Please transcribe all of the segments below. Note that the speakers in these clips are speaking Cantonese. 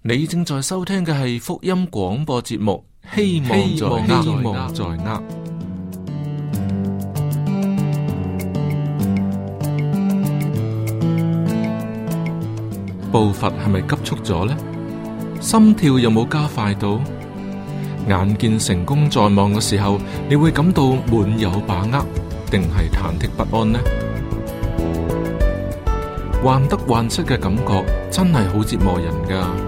你正在收聽嘅係福音廣播節目，希望希望在握。步伐係咪急促咗呢？心跳有冇加快到？眼見成功在望嘅時候，你會感到滿有把握，定係忐忑不安呢？患得患失嘅感覺真係好折磨人噶。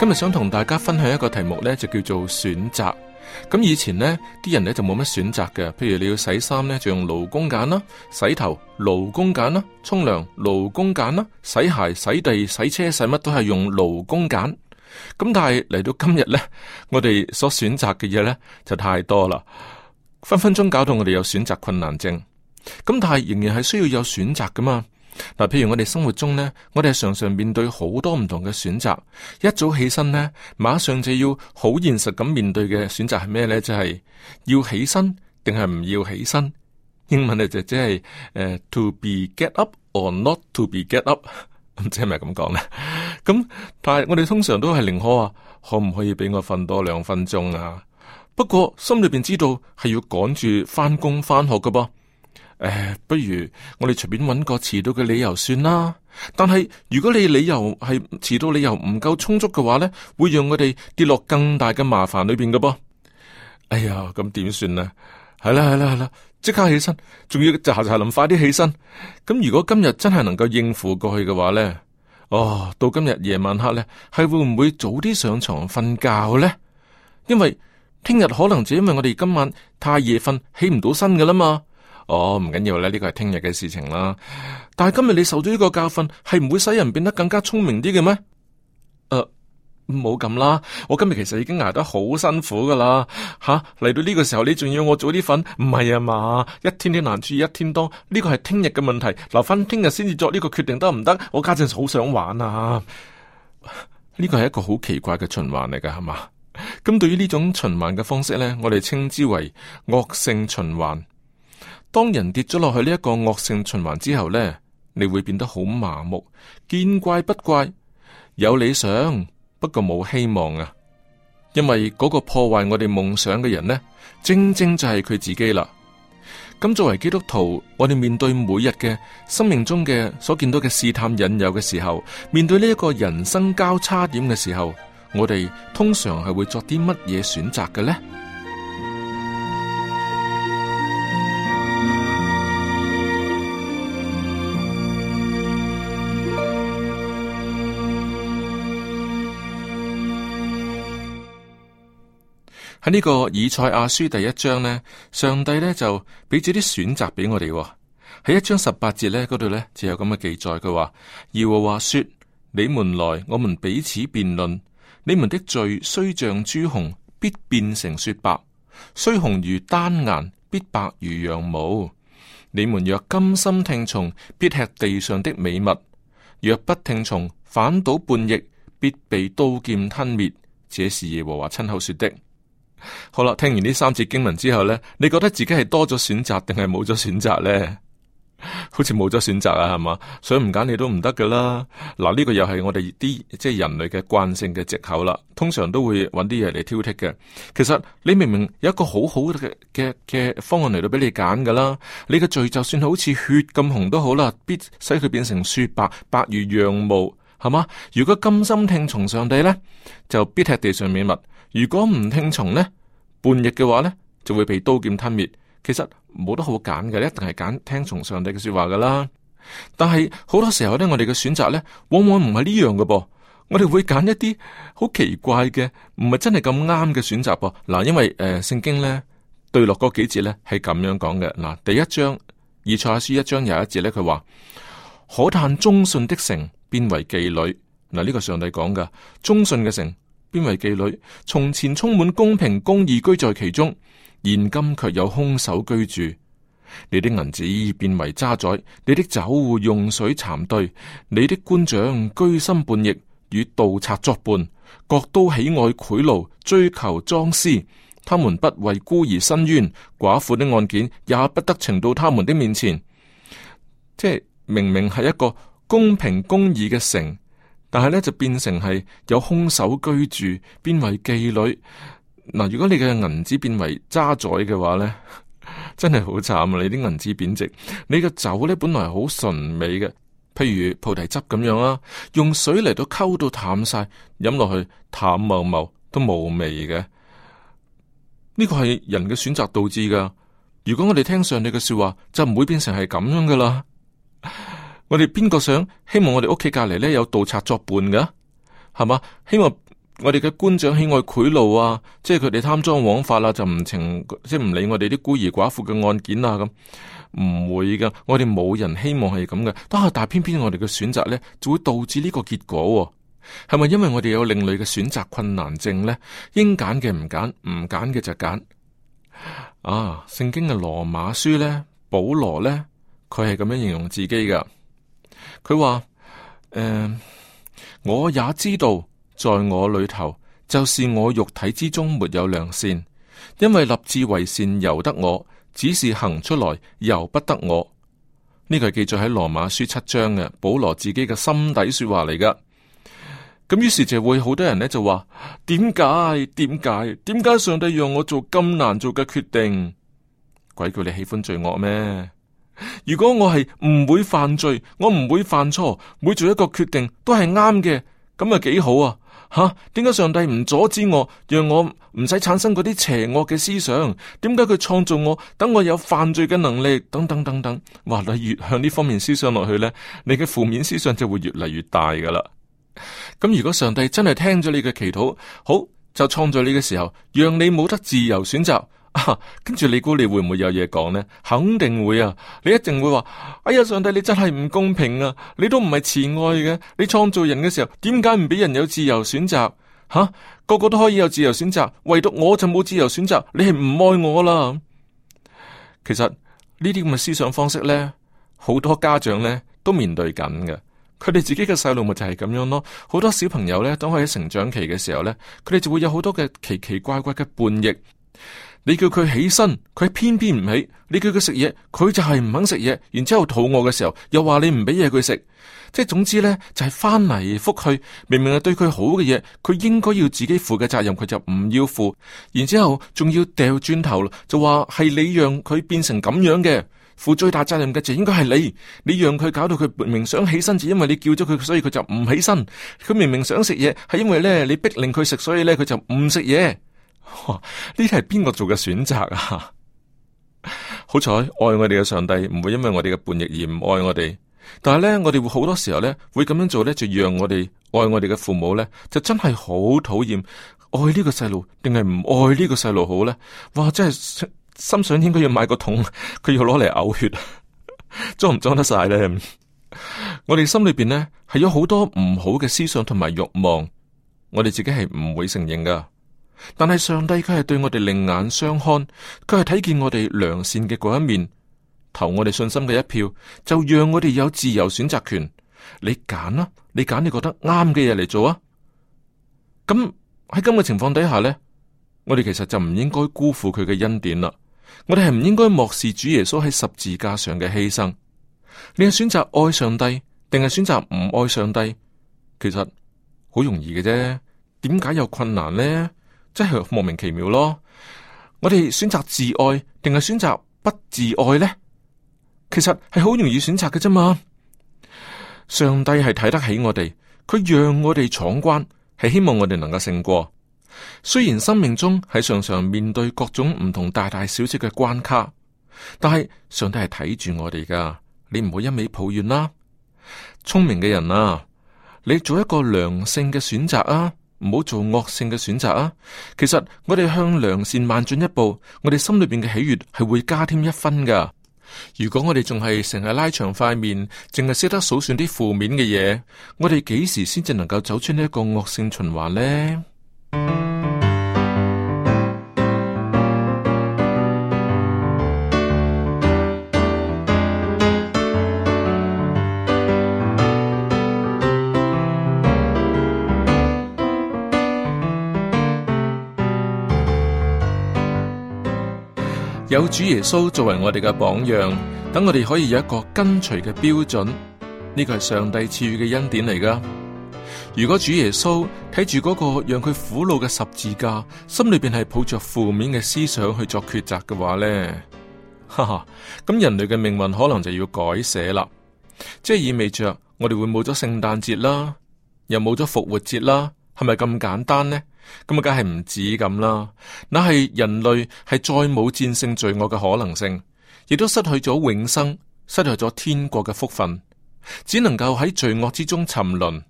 今日想同大家分享一個題目呢，就叫做選擇。咁以前呢啲人呢就冇乜選擇嘅，譬如你要洗衫呢，就用勞工梘啦，洗頭勞工梘啦，沖涼勞工梘啦，洗鞋、洗地、洗車、洗乜都係用勞工梘。咁但係嚟到今日呢，我哋所選擇嘅嘢呢就太多啦，分分鐘搞到我哋有選擇困難症。咁但係仍然係需要有選擇㗎嘛。嗱、啊，譬如我哋生活中呢，我哋係常常面對好多唔同嘅選擇。一早起身呢，馬上就要好現實咁面對嘅選擇係咩呢？就係、是、要起身定係唔要起身？英文咧就即、是、係、uh, to be get up or not to be get up，咁即係咪咁講呢？咁、就是 嗯、但係我哋通常都係寧可啊，可唔可以俾我瞓多兩分鐘啊？不過心裏邊知道係要趕住翻工翻學噶噃。誒，不如我哋隨便揾個遲到嘅理由算啦。但係如果你理由係遲到，理由唔夠充足嘅話咧，會讓我哋跌落更大嘅麻煩裏邊嘅噃。哎呀，咁點算咧？係啦係啦係啦，即刻起身，仲要就係諗快啲起身。咁、嗯、如果今日真係能夠應付過去嘅話咧，哦，到今日夜晚黑咧，係會唔會早啲上床瞓覺咧？因為聽日可能就因為我哋今晚太夜瞓，起唔到身噶啦嘛。哦，唔緊要咧，呢個係聽日嘅事情啦。但係今日你受咗呢個教訓，係唔會使人變得更加聰明啲嘅咩？誒、呃，唔好咁啦，我今日其實已經挨得好辛苦噶啦，吓嚟，到呢個時候，你仲要我早啲瞓，唔係啊嘛？一天天難處，一天多，呢個係聽日嘅問題，留翻聽日先至作呢個決定得唔得？我家陣好想玩啊！呢個係一個好奇怪嘅循環嚟噶，係嘛？咁對於呢種循環嘅方式呢，我哋稱之為惡性循環。當人跌咗落去呢一個惡性循環之後呢，你會變得好麻木，見怪不怪。有理想，不過冇希望啊！因為嗰個破壞我哋夢想嘅人呢，正正就係佢自己啦。咁作為基督徒，我哋面對每日嘅生命中嘅所見到嘅試探引誘嘅時候，面對呢一個人生交叉點嘅時候，我哋通常係會作啲乜嘢選擇嘅呢？喺呢個以賽亞書第一章呢，上帝呢就俾咗啲選擇俾我哋喎。喺一章十八節呢嗰度呢，就有咁嘅記載。佢話：耶和華說，你們來，我們彼此辯論。你們的罪雖像朱紅，必變成雪白；雖紅如丹顏，必白如羊毛。你們若甘心聽從，必吃地上的美物；若不聽從，反倒叛逆，必被刀劍吞滅。這是耶和華親口說的。好啦，聽完呢三節經文之後咧，你覺得自己係多咗選擇定係冇咗選擇咧？ 好似冇咗選擇啊，係嘛？想唔揀你都唔得噶啦。嗱，呢個又係我哋啲即係人類嘅慣性嘅借口啦。通常都會揾啲嘢嚟挑剔嘅。其實你明明有一個好好嘅嘅嘅方案嚟到俾你揀噶啦。你嘅罪就算好似血咁紅都好啦，必使佢變成雪白，白如羊毛，係嘛？如果甘心聽從上帝咧，就必踢地上面物。如果唔聽從呢叛逆嘅話呢，就會被刀劍吞滅。其實冇得好揀嘅，一定係揀聽從上帝嘅說話噶啦。但係好多時候呢，我哋嘅選擇呢，往往唔係呢樣嘅噃。我哋會揀一啲好奇怪嘅，唔係真係咁啱嘅選擇噃。嗱，因為誒，聖、呃、經呢對落嗰幾節呢係咁樣講嘅。嗱，第一章以賽亞書一章有一節呢，佢話可嘆忠信的城變為妓女。嗱，呢、這個上帝講噶忠信嘅城，變為妓女？從前充滿公平公義居在其中，現今卻有凶手居住。你的銀子變為渣滓，你的酒戶用水攙兌，你的官長居心叛逆，與盜賊作伴。各都喜愛賄賂，追求贓私。他們不為孤兒申冤，寡婦的案件也不得呈到他們的面前。即係明明係一個公平公義嘅城。但係咧就變成係有凶手居住，變為妓女。嗱，如果你嘅銀紙變為渣滓嘅話咧，真係好慘啊！你啲銀紙貶值，你嘅酒咧本來係好醇美嘅，譬如菩提汁咁樣啊，用水嚟到溝到淡晒，飲落去淡茂茂都冇味嘅。呢個係人嘅選擇導致噶。如果我哋聽上你嘅說話，就唔會變成係咁樣噶啦。我哋邊個想希望我哋屋企隔籬咧有盜賊作伴噶，係嘛？希望我哋嘅官長喜愛賄賂啊，即係佢哋貪贓枉法啦、啊，就唔情即係唔理我哋啲孤兒寡婦嘅案件啊。咁，唔會噶。我哋冇人希望係咁嘅。但係但係偏偏我哋嘅選擇咧，就會導致呢個結果、啊。係咪因為我哋有另類嘅選擇困難症咧？應揀嘅唔揀，唔揀嘅就揀。啊，聖經嘅羅馬書咧，保羅咧，佢係咁樣形容自己噶。佢話：誒、嗯，我也知道，在我裏頭，就是我肉體之中沒有良善，因為立志為善由得我，只是行出來由不得我。呢、這個係記載喺羅馬書七章嘅保羅自己嘅心底說話嚟㗎。咁於是就會好多人呢就話：點解？點解？點解上帝讓我做咁難做嘅決定？鬼叫你喜歡罪惡咩？如果我係唔會犯罪，我唔會犯錯，每做一個決定都係啱嘅，咁啊幾好啊吓？點解上帝唔阻止我，讓我唔使產生嗰啲邪惡嘅思想？點解佢創造我，等我有犯罪嘅能力？等等等等，哇！你越向呢方面思想落去呢，你嘅負面思想就會越嚟越大噶啦。咁如果上帝真係聽咗你嘅祈禱，好就創造你嘅時候，讓你冇得自由選擇。跟住、啊、你估你會唔會有嘢講呢？肯定會啊！你一定會話：哎呀，上帝，你真係唔公平啊！你都唔係慈愛嘅，你創造人嘅時候，點解唔俾人有自由選擇？吓、啊，個個都可以有自由選擇，唯獨我就冇自由選擇，你係唔愛我啦！其實呢啲咁嘅思想方式呢，好多家長呢都面對緊嘅。佢哋自己嘅細路咪就係咁樣咯。好多小朋友呢，當佢喺成長期嘅時候呢，佢哋就會有好多嘅奇奇怪怪嘅叛逆。你叫佢起身，佢偏偏唔起；你叫佢食嘢，佢就係唔肯食嘢。然之後肚餓嘅時候，又話你唔俾嘢佢食。即係總之呢，就係翻嚟覆去。明明係對佢好嘅嘢，佢應該要自己負嘅責任，佢就唔要負。然之後仲要掉轉頭，就話係你讓佢變成咁樣嘅，負最大責任嘅就應該係你。你讓佢搞到佢明明想起身，只因為你叫咗佢，所以佢就唔起身。佢明明想食嘢，係因為呢，你逼令佢食，所以呢，佢就唔食嘢。哇！呢啲係邊個做嘅選擇啊？ 好彩愛我哋嘅上帝唔會因為我哋嘅叛逆而唔愛我哋，但係咧我哋會好多時候咧會咁樣做咧，就讓我哋愛我哋嘅父母咧，就真係好討厭，愛呢個細路定係唔愛呢個細路好咧？哇！真係心想應該要買個桶，佢要攞嚟嘔血，裝唔裝得晒？咧？ 我哋心裏邊咧係有好多唔好嘅思想同埋慾望，我哋自己係唔會承認噶。但係上帝佢係對我哋另眼相看，佢係睇見我哋良善嘅嗰一面，投我哋信心嘅一票，就讓我哋有自由選擇權。你揀啦，啊，你揀你覺得啱嘅嘢嚟做啊。咁喺咁嘅情況底下呢，我哋其實就唔應該辜負佢嘅恩典啦。我哋係唔應該漠視主耶穌喺十字架上嘅犧牲。你係選擇愛上帝，定係選擇唔愛上帝？其實好容易嘅啫。點解有困難呢？即係莫名其妙咯！我哋選擇自愛定係選擇不自愛呢？其實係好容易選擇嘅啫嘛。上帝係睇得起我哋，佢讓我哋闖關，係希望我哋能夠勝過。雖然生命中係常常面對各種唔同大大小小嘅關卡，但係上帝係睇住我哋噶，你唔好一味抱怨啦。聰明嘅人啊，你做一個良性嘅選擇啊！唔好做惡性嘅選擇啊！其實我哋向良善邁進一步，我哋心裏邊嘅喜悅係會加添一分噶。如果我哋仲係成日拉長塊面，淨係識得數算啲負面嘅嘢，我哋幾時先至能夠走出呢一個惡性循環呢？有主耶穌作為我哋嘅榜樣，等我哋可以有一個跟隨嘅標準。呢個係上帝賜予嘅恩典嚟㗎。如果主耶穌睇住嗰個讓佢苦惱嘅十字架，心裏邊係抱着負面嘅思想去作抉擇嘅話呢，哈哈，咁人類嘅命運可能就要改寫啦。即係意味著我哋會冇咗聖誕節啦，又冇咗復活節啦，係咪咁簡單呢？咁啊，梗係唔止咁啦，那係人類係再冇戰勝罪惡嘅可能性，亦都失去咗永生，失去咗天國嘅福分，只能夠喺罪惡之中沉淪。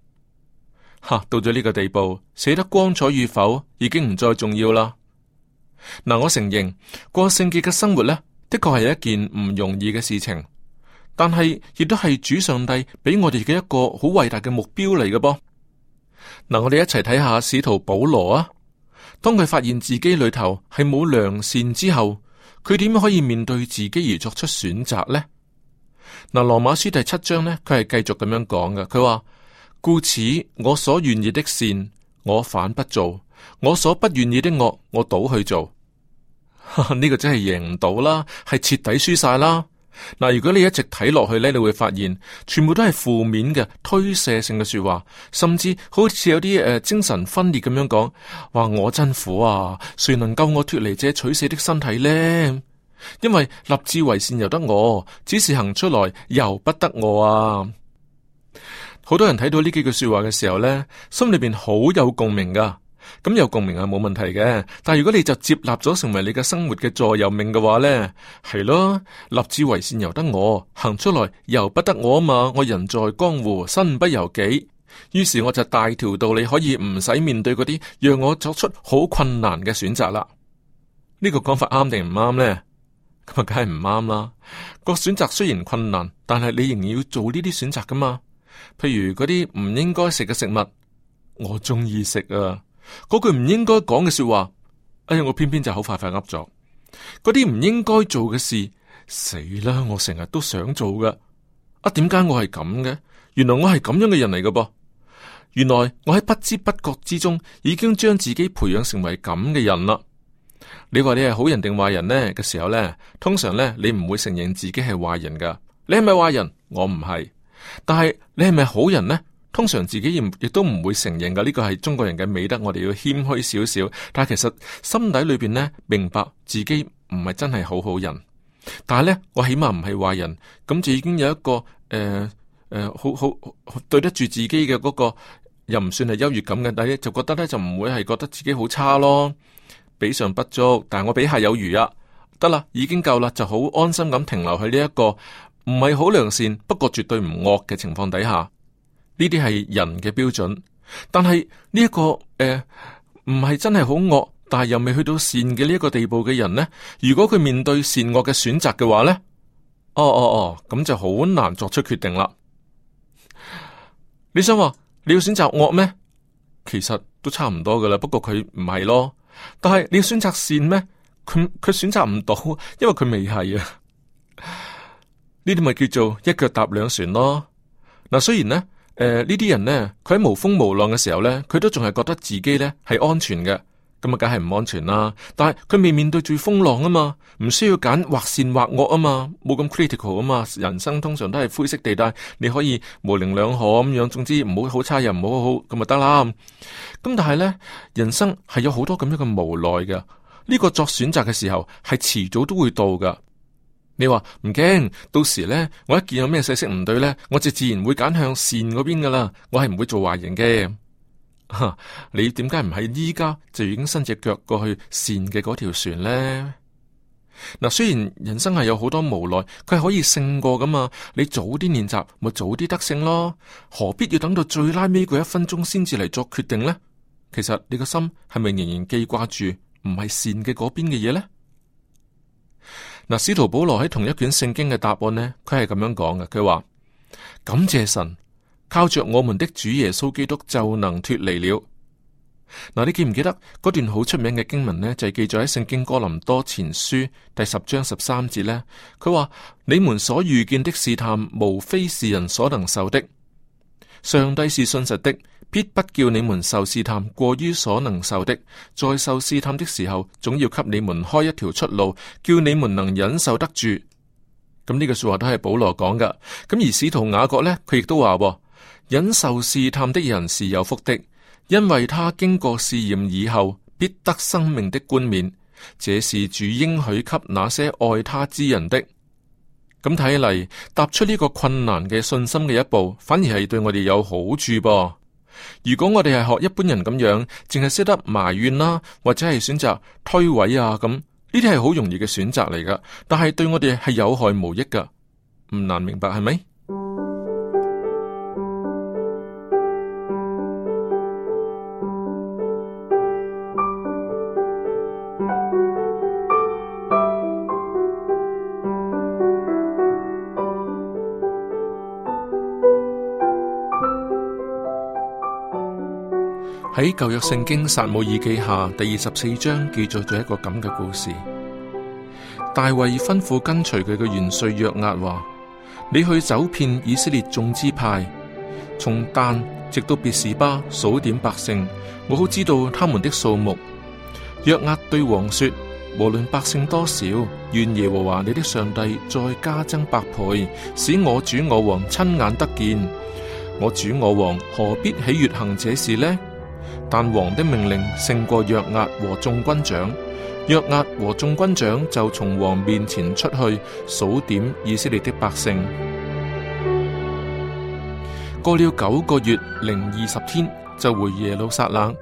吓，到咗呢個地步，死得光彩與否已經唔再重要啦。嗱，我承認過聖潔嘅生活呢，的確係一件唔容易嘅事情，但係亦都係主上帝俾我哋嘅一個好偉大嘅目標嚟嘅噃。嗱，我哋一齊睇下使徒保羅啊。當佢發現自己裏頭係冇良善之後，佢點樣可以面對自己而作出選擇呢？嗱，羅馬書第七章呢，佢係繼續咁樣講嘅。佢話：故此，我所願意的善，我反不做；我所不願意的惡，我倒去做。呢個真係贏唔到啦，係徹底輸晒啦。嗱，如果你一直睇落去咧，你會發現全部都係負面嘅推卸性嘅說話，甚至好似有啲誒、呃、精神分裂咁樣講，話我真苦啊，誰能救我脫離這取死的身體呢？因為立志為善由得我，只是行出來由不得我啊！好多人睇到呢幾句說話嘅時候咧，心裏邊好有共鳴噶。咁有共鳴係冇問題嘅，但係如果你就接納咗成為你嘅生活嘅座右銘嘅話呢，係咯，立志為善由得我，行出來由不得我啊嘛！我人在江湖，身不由己，於是我就大條道理可以唔使面對嗰啲讓我作出好困難嘅選擇、這個、啦。呢個講法啱定唔啱呢？咁啊，梗係唔啱啦！個選擇雖然困難，但係你仍然要做呢啲選擇噶嘛。譬如嗰啲唔應該食嘅食物，我中意食啊。嗰句唔應該講嘅說話，哎呀，我偏偏就好快快噏咗。嗰啲唔應該做嘅事，死啦！我成日都想做噶。啊，點解我係咁嘅？原來我係咁樣嘅人嚟噶噃。原來我喺不知不覺之中已經將自己培養成為咁嘅人啦。你話你係好人定壞人呢，嘅時候呢，通常呢，你唔會承認自己係壞人噶。你係咪壞人？我唔係，但係你係咪好人呢？通常自己亦都唔會承認噶，呢個係中國人嘅美德。我哋要謙虛少少，但係其實心底裏邊呢，明白自己唔係真係好好人，但係呢，我起碼唔係壞人，咁就已經有一個誒誒、呃呃、好好、好對得住自己嘅嗰、嗰個又唔算係優越感嘅底，但就覺得呢，就唔會係覺得自己好差咯，比上不足，但係我比下有餘啊，得啦，已經夠啦，就好安心咁停留喺呢一個唔係好良善，不過絕對唔惡嘅情況底下。呢啲係人嘅標準，但係呢一個誒唔係真係好惡，但係又未去到善嘅呢一個地步嘅人呢？如果佢面對善惡嘅選擇嘅話呢，哦哦哦，咁就好難作出決定啦。你想話你要選擇惡咩？其實都差唔多噶啦，不過佢唔係咯。但係你要選擇善咩？佢佢選擇唔到，因為佢未係啊。呢啲咪叫做一腳踏兩船咯。嗱，雖然呢。誒，呢啲、呃、人呢，佢喺無風無浪嘅時候呢，佢都仲係覺得自己呢係安全嘅，咁啊梗係唔安全啦。但係佢未面對住風浪啊嘛，唔需要揀或善或惡啊嘛，冇咁 critical 啊嘛。人生通常都係灰色地帶，你可以模棱兩可咁樣，總之唔好好差又唔好好咁就得啦。咁但係呢，人生係有好多咁樣嘅無奈嘅，呢、呢個作選擇嘅時候係遲早都會到噶。你話唔驚，到時呢，我一見有咩細色唔對呢，我就自然會揀向善嗰邊噶啦，我係唔會做壞人嘅。哈、啊！你點解唔喺依家就已經伸隻腳過去善嘅嗰條船呢？嗱、啊，雖然人生係有好多無奈，佢係可以勝過噶嘛。你早啲練習，咪早啲得勝咯。何必要等到最拉尾嗰一分鐘先至嚟作決定呢？其實你個心係咪仍然記掛住唔係善嘅嗰邊嘅嘢呢？嗱，使徒保羅喺同一卷聖經嘅答案呢，佢係咁樣講嘅，佢話感謝神，靠着我們的主耶穌基督就能脱離了。嗱， 你記唔記得嗰段好出名嘅經文呢？就係、是、記載喺聖經哥林多前書第十章十三節呢。佢話你們所遇見的試探，無非是人所能受的，上帝是信實的。必不叫你們受試探過於所能受的，在受試探的時候，總要給你們開一條出路，叫你們能忍受得住。咁呢個說話都係保羅講㗎。咁而使徒雅各呢，佢亦都話噃：忍受試探的人是有福的，因為他經過試驗以後，必得生命的冠冕。這是主應許給那些愛他之人的。咁睇嚟，踏出呢個困難嘅信心嘅一步，反而係對我哋有好處噃。如果我哋係學一般人咁樣，淨係識得埋怨啦、啊，或者係選擇推諉啊，咁呢啲係好容易嘅選擇嚟噶，但係對我哋係有害無益噶，唔難明白係咪？喺舊約聖經撒母耳記下第二十四章記載咗一個咁嘅故事。大衛吩咐跟隨佢嘅元帥約押話：你去走遍以色列眾支派，從但直到別士巴數點百姓，我好知道他們的數目。約押對王說：無論百姓多少，願耶和華你的上帝再加增百倍，使我主我王親眼得見。我主我王何必喜悅行這事呢？但王的命令勝過約押和眾軍長，約押和眾軍長就從王面前出去數點以色列的百姓。過了九個月零二十天，就回耶路撒冷。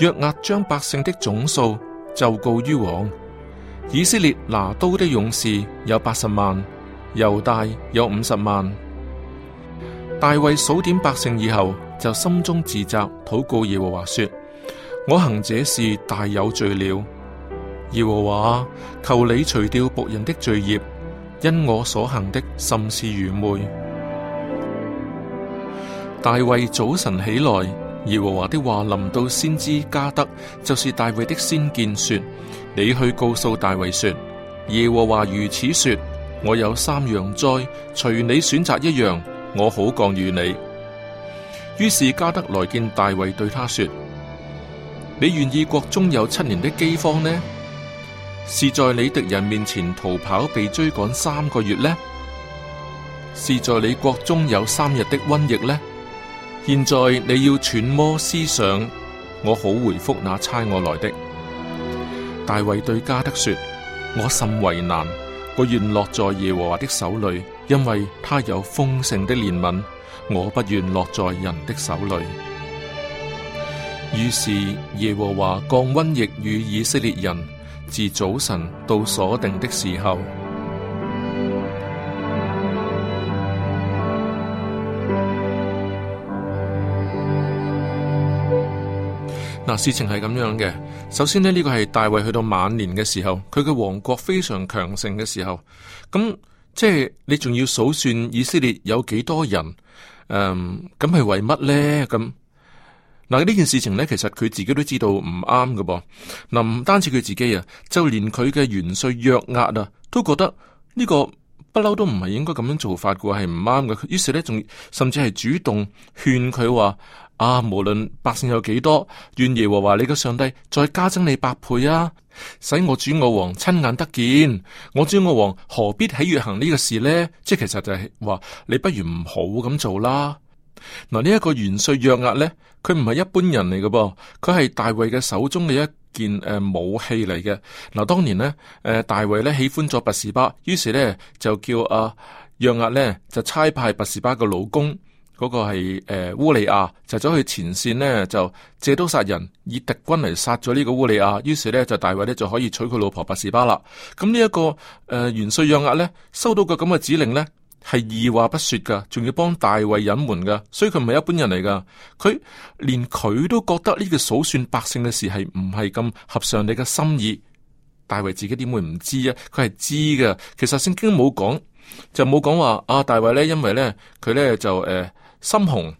約押將百姓的總數就告於王。以色列拿刀的勇士有八十萬，猶大有五十萬。大衛數點百姓以後。就心中自責，禱告耶和華說：我行這事大有罪了。耶和華求你除掉僕人的罪孽，因我所行的甚是愚昧。 大衛早晨起來，耶和華的話臨到先知加得，就是大衛的先見說：你去告訴大衛說：耶和華如此說：我有三樣災，隨你選擇一樣，我好降與你。於是加德來見大衛，對他說：你願意國中有七年的飢荒呢？是在你敵人面前逃跑被追趕三個月呢？是在你國中有三日的瘟疫呢？現在你要揣摩思想，我好回覆那差我來的。大衛對加德說：我甚為難，我願落在耶和華的手裏，因為他有豐盛的憐憫。我不願落在人的手裏，於是耶和華降瘟疫與以色列人自早晨到所定的時候。嗱， 事情係咁樣嘅。首先呢，呢個係大衛去到晚年嘅時候，佢嘅王國非常強盛嘅時候，咁即係你仲要數算以色列有幾多人？嗯，咁係為乜咧？咁嗱，呢件事情咧，其實佢自己都知道唔啱噶噃。嗱，唔單止佢自己啊，就連佢嘅元帥約押啊，都覺得呢個不嬲都唔係應該咁樣做法嘅，係唔啱嘅。於是咧，仲甚至係主動勸佢話：啊，無論百姓有幾多，願耶和華，你嘅上帝再加增你百倍啊！使我主我王親眼得見，我主我王何必喜悅行呢個事呢？即係其實就係話，你不如唔好咁做啦。嗱，呢、這、一個元帥約押呢，佢唔係一般人嚟㗎噃，佢係大衛嘅手中嘅一件誒、呃、武器嚟嘅。嗱，當年呢，誒、呃、大衛呢喜歡咗拔士巴，於是呢就叫阿約押呢就差派拔士巴嘅老公。嗰個係誒烏利亞，就走去前線呢，就借刀殺人，以敵軍嚟殺咗呢個烏利亞。於是呢，就大衛呢就可以娶佢老婆拔示巴啦。咁呢一個誒元帥約押呢，收到個咁嘅指令呢，係二話不說噶，仲要幫大衛隱瞞噶。所以佢唔係一般人嚟噶，佢連佢都覺得呢個數算百姓嘅事係唔係咁合上你嘅心意。大衛自己點會唔知啊？佢係知噶。其實聖經冇講，就冇講話啊。大衛呢，因為呢，佢呢就誒。呃呃心紅，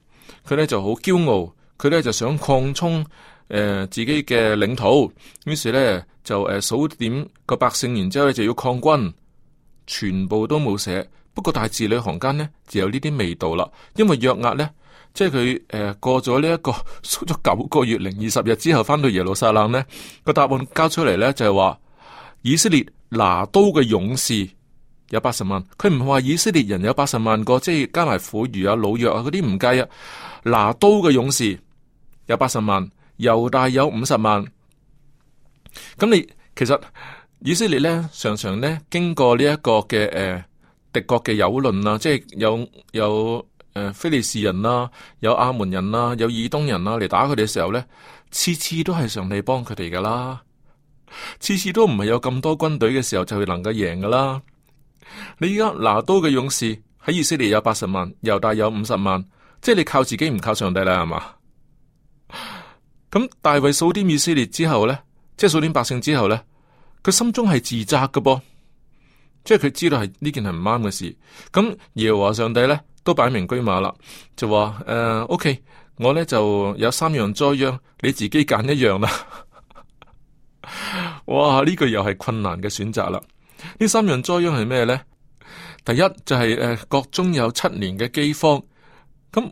佢咧就好驕傲，佢咧就想擴充誒、呃、自己嘅領土，於是咧就誒數、呃、點個百姓，然之後咧就要抗軍，全部都冇寫，不過大致字裏行間咧就有呢啲味道啦，因為約押咧即係佢誒過咗呢一個數咗九個月零二十日之後，翻到耶路撒冷咧個答案交出嚟咧就係、是、話以色列拿刀嘅勇士。有八十萬，佢唔話以色列人有八十萬個，即係加埋婦孺啊、老弱啊嗰啲唔計啊。拿刀嘅勇士有八十萬，猶大有五十萬。咁你其實以色列咧，常常咧經過呢一個嘅誒、呃、敵國嘅蹂躪啊，即係有有誒非、呃、利士人啦、啊，有亞門人啦、啊，有以東人啦、啊、嚟打佢哋嘅時候咧，次次都係上帝幫佢哋噶啦，次次都唔係有咁多軍隊嘅時候就能夠贏噶啦。你而家拿刀嘅勇士喺以色列有八十萬，猶大有五十萬，即係你靠自己唔靠上帝啦，係嘛？咁大衛數點以色列之後咧，即係數點百姓之後咧，佢心中係自責嘅噃，即係佢知道係呢件係唔啱嘅事。咁耶和上帝咧都擺明車馬啦，就話誒，OK，我咧就有三樣災殃，你自己揀一樣啦。 哇，呢、這個又係困難嘅選擇啦。三呢三樣災殃係咩咧？第一就係、是、誒，國中有七年嘅饑荒。咁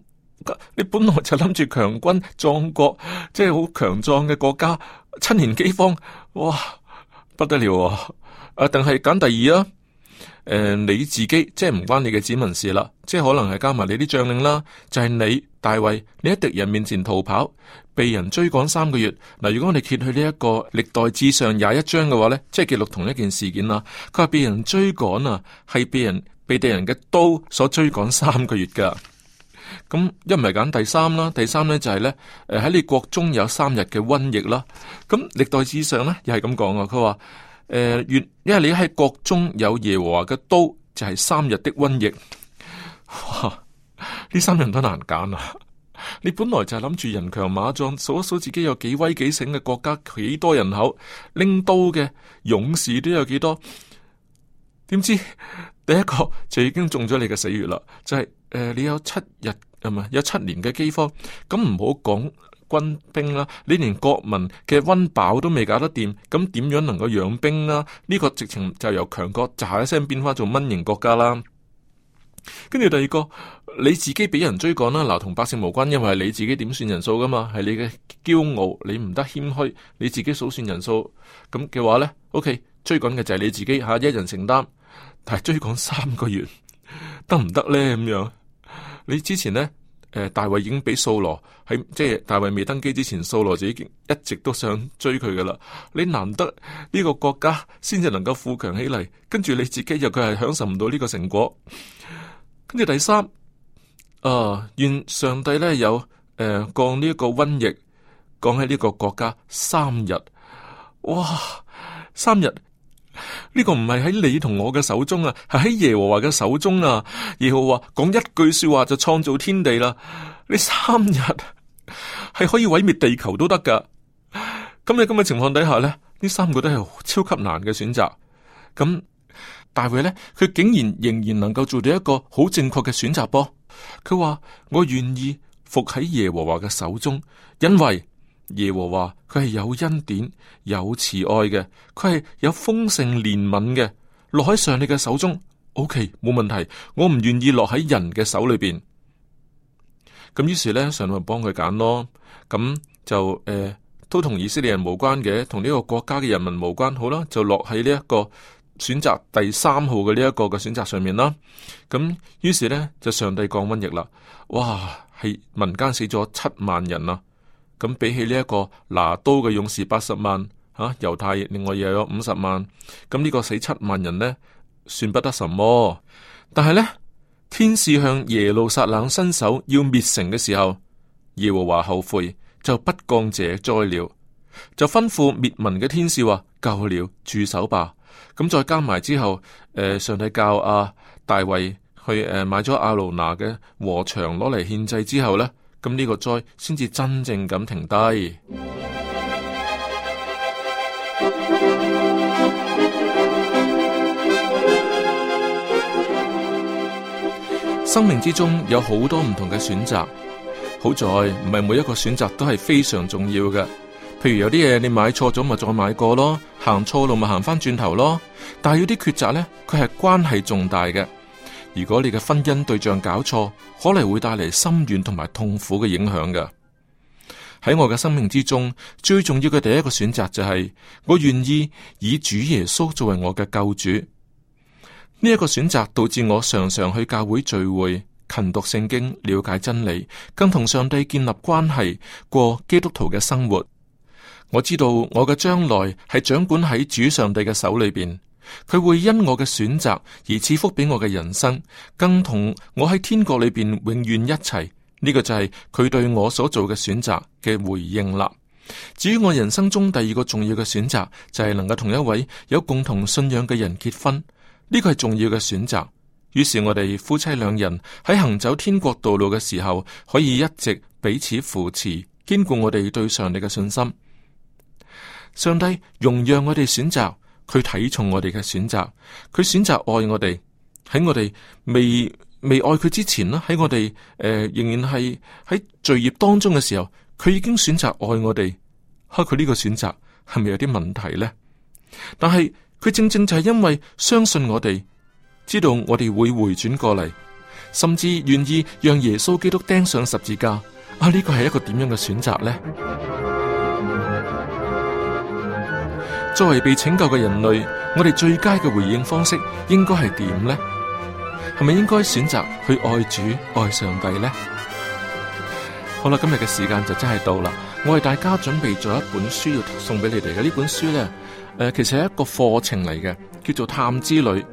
你本來就諗住強軍壯國，即係好強壯嘅國家，七年饑荒，哇，不得了啊！誒，定係揀第二啊？誒、呃，你自己即係唔關你嘅子民事啦，即係可能係加埋你啲將領啦，就係、是、你。大衛，你喺敵人面前逃跑，被人追趕三個月。嗱，如果我哋揭去呢一個歷代志上廿一章嘅話咧，即係記錄同一件事件啦。佢話被人追趕啊，係被人被敵人嘅刀所追趕三個月噶。咁一唔係揀第三啦，第三咧就係咧，誒喺你國中有三日嘅瘟疫啦。咁歷代志上咧又係咁講啊。佢話誒，呃，因為你喺國中有耶和華嘅刀，就係三日的瘟疫。呢三樣都難揀啊。你本來就係諗住人強馬壯，數一數自己有幾威幾醒嘅國家，幾多人口，拎刀嘅勇士都有幾多？點知第一個就已經中咗你嘅死穴啦！就係、是、誒、呃，你有七日啊嘛，有七年嘅饑荒，咁唔好講軍兵啦，你連國民嘅溫飽都未搞得掂，咁點樣能夠養兵啦？呢、這個直情就由強國炸一聲變翻做蚊型國家啦！跟住第二個。你自己俾人追趕啦，嗱，同百姓無關，因為係你自己點算人數噶嘛，係你嘅驕傲，你唔得謙虛，你自己數算人數咁嘅話咧，OK，追趕嘅就係你自己吓，一人承擔，但係追趕三個月得唔得咧？咁樣，你之前咧，誒、呃，大衛已經俾掃羅喺即係大衛未登基之前，掃羅就已經一直都想追佢噶啦。你難得呢個國家先至能夠富強起嚟，跟住你自己又佢係享受唔到呢個成果，跟住第三。啊！願、哦、上帝咧有誒、呃、降呢一個瘟疫，降起呢個國家三日。哇！三日呢，呢個唔係喺你同我嘅手中啊，係喺耶和華嘅手中啊！耶和華講一句說話就創造天地啦。呢三日係可以毀滅地球都得噶。咁喺咁嘅情況底下咧，呢三個都係超級難嘅選擇。咁大衛咧，佢竟然仍然能夠做到一個好正確嘅選擇噃。佢話我願意伏喺耶和華嘅手中，因為耶和華佢係有恩典、有慈愛嘅，佢係有豐盛憐憫嘅，落喺上帝嘅手中。OK，冇問題，我唔願意落喺人嘅手裏邊。咁於是呢，上帝就幫佢揀咯。咁就誒，都同以色列人無關嘅，同呢個國家嘅人民無關。好啦，就落喺呢一個。選擇第三號嘅呢一個嘅選擇上面啦，咁於是呢，就上帝降瘟疫啦，哇，係民間死咗七萬人啊。咁比起呢一個拿刀嘅勇士八十萬吓，啊、猶太另外又有五十萬，咁呢個死七萬人呢，算不得什麼。但係呢，天使向耶路撒冷伸手要滅城嘅時候，耶和華後悔，就不降這災了，就吩咐滅民嘅天使話：夠了，住手吧。咁再加埋之後，誒，上帝教大衛阿大衛去誒買咗阿魯娜嘅禾場攞嚟獻祭之後呢，咁呢個災先至真正咁停低。 生命之中有好多唔同嘅選擇，好在唔係每一個選擇都係非常重要嘅。譬如有啲嘢你買錯咗，咪再買過咯；行錯路咪行翻轉頭咯。但係有啲抉擇咧，佢係關係重大嘅。如果你嘅婚姻對象搞錯，可能會帶嚟深遠同埋痛苦嘅影響嘅。喺我嘅生命之中，最重要嘅第一個選擇就係、是、我願意以主耶穌作為我嘅救主。呢、這、一個選擇導致我常常去教會聚會、勤讀聖經、了解真理，更同上帝建立關係，過基督徒嘅生活。我知道我嘅將來係掌管喺主上帝嘅手裏邊，佢會因我嘅選擇而賜福俾我嘅人生，更同我喺天國裏邊永遠一齊。呢、這個就係佢對我所做嘅選擇嘅回應啦。至於我人生中第二個重要嘅選擇，就係、是、能夠同一位有共同信仰嘅人結婚，呢、這個係重要嘅選擇。於是我哋夫妻兩人喺行走天國道路嘅時候，可以一直彼此扶持，堅固我哋對上帝嘅信心。上帝容讓我哋選擇，佢睇重我哋嘅選擇，佢選擇愛我哋喺我哋未未愛佢之前啦，喺我哋誒、呃、仍然係喺罪孽當中嘅時候，佢已經選擇愛我哋，哈，佢呢個選擇係咪有啲問題呢？但係佢正正就係因為相信我哋，知道我哋會回轉過嚟，甚至願意讓耶穌基督釘上十字架啊！呢個係一個點樣嘅選擇呢？作為被拯救嘅人類，我哋最佳嘅回應方式應該係點呢？係咪應該選擇去愛主、愛上帝呢？好啦，今日嘅時間就真係到啦。我為大家準備咗一本書要送俾你哋嘅呢本書咧，誒、呃，其實係一個課程嚟嘅，叫做探之旅。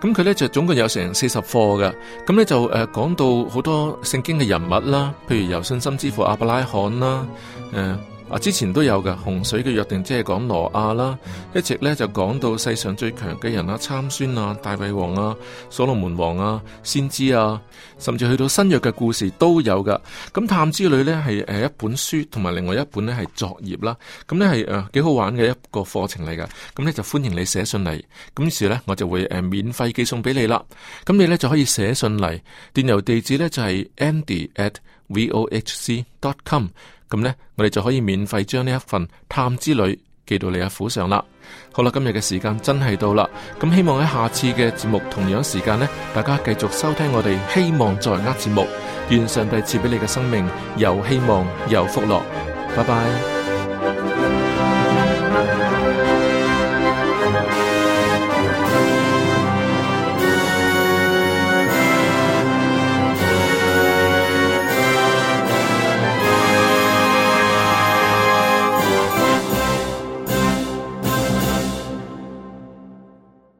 咁佢咧就總共有成四十課嘅，咁、嗯、咧就誒、呃、講到好多聖經嘅人物啦，譬如由信心之父亞伯拉罕啦，誒、呃。啊！之前都有㗎。洪水嘅約定，即係講挪亞啦，一直呢就講到世上最強嘅人啦，參孫啊，大衛王啊，所羅門王啊，先知啊，甚至去到新約嘅故事都有㗎。咁探之旅呢係誒一本書，同埋另外一本呢係作業啦。咁呢係誒幾好玩嘅一個課程嚟㗎。咁呢就歡迎你寫信嚟。咁於是呢我就會誒、呃、免費寄送俾你啦。咁你呢就可以寫信嚟，電郵地址呢就係、是、andy at vohc dot com。咁呢，我哋就可以免費將呢一份探之旅寄到你阿府上啦。好啦，今日嘅時間真係到啦，咁希望喺下次嘅節目同樣時間呢，大家繼續收聽我哋「希望在握」節目。願上帝賜俾你嘅生命又希望，又福樂。拜拜。